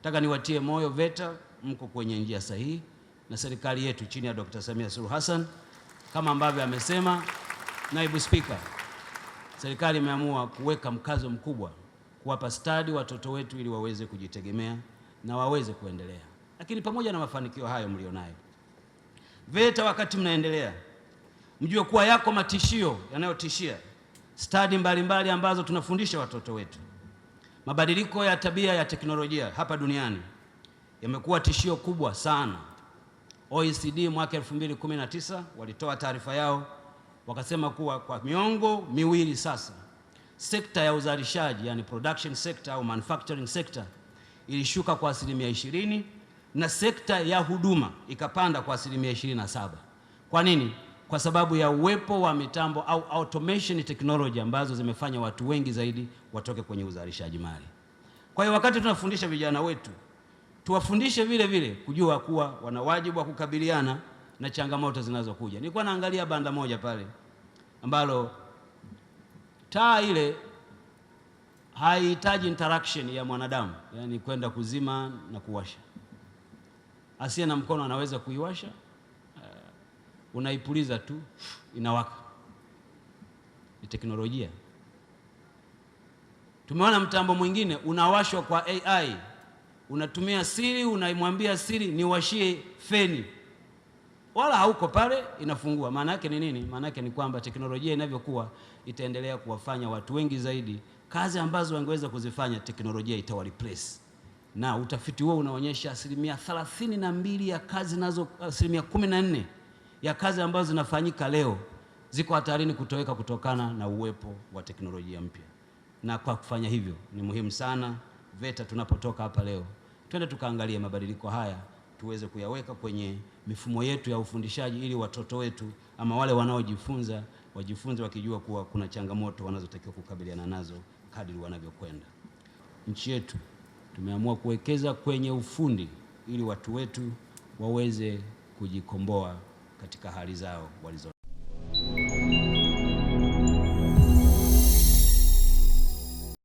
Nataka niwatie moyo VETA, mko kwenye njia sahihi na serikali yetu chini ya Dr. Samia Suluhu Hassan kama ambavyo amesema naibu spika, serikali imeamua kuweka mkazo mkubwa kuwapa stadi watoto wetu ili waweze kujitegemea na waweze kuendelea. Lakini pamoja na mafanikio hayo mlionayo VETA, wakati mnaendelea, mjue kuwa yako matishio yanayotishia stadi mbalimbali ambazo tunafundisha watoto wetu. Mabadiliko ya tabia ya teknolojia hapa duniani yamekuwa tishio kubwa sana. OECD mwaka 2019 walitoa taarifa yao wakasema kuwa kwa miongo miwili sasa sekta ya uzalishaji yani production sector au manufacturing sector ilishuka kwa asilimia 20 na sekta ya huduma ikapanda kwa asilimia 27. Kwa nini? kwa sababu ya uwepo wa mitambo au automation technology ambazo zimefanya watu wengi zaidi watoke kwenye uzalishaji mali. Kwa hiyo wakati tunafundisha vijana wetu, tuwafundishe vile vile kujua kuwa wana wajibu wa kukabiliana na changamoto zinazokuja. Nilikuwa naangalia banda moja pale ambalo taa ile haihitaji interaction ya mwanadamu, yani kwenda kuzima na kuwasha. Asiye na mkono anaweza kuiwasha unaipuliza tu inawaka. Ni teknolojia. Tumeona mtambo mwingine unawashwa kwa AI, unatumia siri, unaimwambia siri niwashie feni, wala hauko pale, inafungua. Maana yake ni nini? Maana yake ni kwamba teknolojia inavyokuwa itaendelea kuwafanya watu wengi zaidi kazi ambazo wangeweza kuzifanya, teknolojia replace. na utafiti huo unaonyesha asilimia thelathini na mbili ya kazi nazo asilimia kumi na nne ya kazi ambazo zinafanyika leo ziko hatarini kutoweka kutokana na uwepo wa teknolojia mpya. Na kwa kufanya hivyo, ni muhimu sana VETA tunapotoka hapa leo, twende tukaangalie mabadiliko haya tuweze kuyaweka kwenye mifumo yetu ya ufundishaji ili watoto wetu ama wale wanaojifunza wajifunze wakijua kuwa kuna changamoto wanazotakiwa kukabiliana nazo kadri wanavyokwenda. Nchi yetu tumeamua kuwekeza kwenye ufundi ili watu wetu waweze kujikomboa katika hali zao walizo